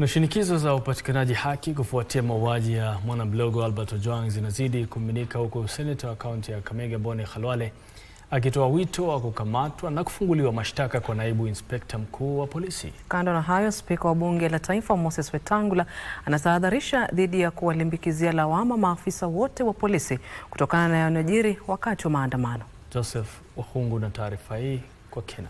Na shinikizo za upatikanaji haki kufuatia mauaji ya mwanablogo Albert Ojwang zinazidi kumiminika huku seneta wa kaunti ya Kakamega bone Khalwale akitoa wito wa kukamatwa na kufunguliwa mashtaka kwa naibu inspekta mkuu wa polisi. Kando na hayo, spika wa bunge la taifa Moses Wetangula anatahadharisha dhidi ya kuwalimbikizia lawama maafisa wote wa polisi kutokana na yanayojiri wakati wa maandamano. Joseph wahungu na taarifa hii kwa kina.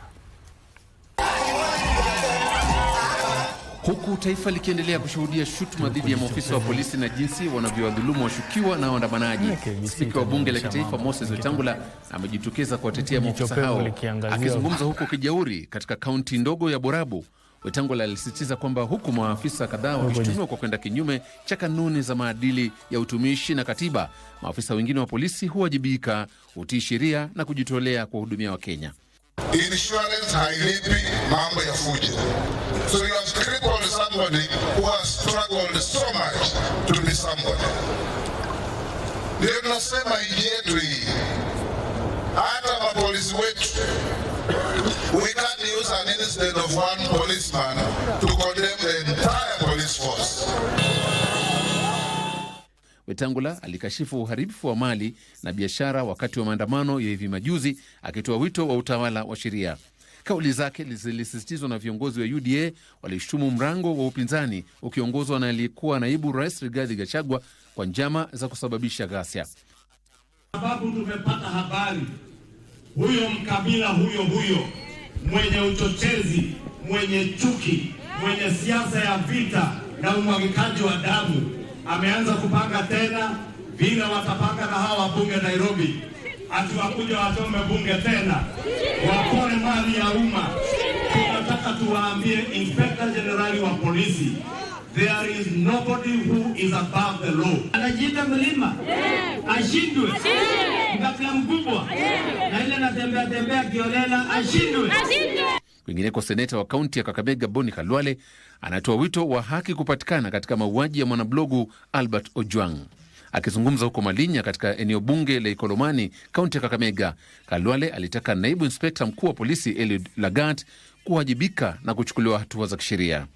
huku taifa likiendelea kushuhudia shutuma dhidi ya maofisa wa polisi na jinsi wanavyowadhulumu washukiwa na waandamanaji. Spika wa bunge la kitaifa Moses Wetangula amejitokeza kuwatetea maofisa hao. Akizungumza huko Kijauri katika kaunti ndogo ya Borabu, Wetangula alisisitiza kwamba huku maafisa kadhaa wakishutumiwa kwa kwenda kinyume cha kanuni za maadili ya utumishi na katiba, maafisa wengine wa polisi huwajibika, hutii sheria na kujitolea kuwahudumia Wakenya. Insurance hailipi, mambo ya fujo. So somebody who has struggled so much to be somebody. Ndio tunasema nchi yetu hii, hata mapolisi wetu we can't use an incident of one policeman to condemn the entire police force. Wetangula alikashifu uharibifu wa mali na biashara wakati wa maandamano ya hivi majuzi, akitoa wito wa utawala wa sheria. Kauli zake zilisisitizwa na viongozi wa UDA walishutumu mrango wa upinzani ukiongozwa na aliyekuwa naibu rais Rigathi Gachagua kwa njama za kusababisha ghasia. Sababu tumepata habari huyo mkabila huyo huyo mwenye uchochezi, mwenye chuki, mwenye siasa ya vita na umwagikaji wa damu ameanza kupanga tena vile watapanga na hawa wabunge Nairobi ati wakuja wachome bunge tena, wapore mali ya umma. Tunataka tuwaambie Inspector General wa polisi, there is nobody who is above the law. Anajiita mlima ashindwe, kabla mkubwa na ile natembea tembea kiolela ashindwe. Kwingineko, seneta wa kaunti ya Kakamega Boni Khalwale anatoa wito wa haki kupatikana katika mauaji ya mwanablogu Albert Ojwang. Akizungumza huko Malinya katika eneo bunge la Ikolomani, kaunti ya Kakamega, Kalwale alitaka naibu inspekta mkuu wa polisi Eliud Lagat kuwajibika na kuchukuliwa hatua za kisheria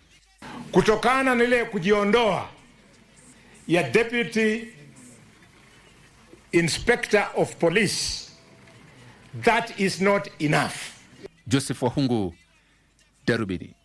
kutokana na ile kujiondoa ya deputy inspector of police. That is not enough. Joseph Wahungu, Darubini.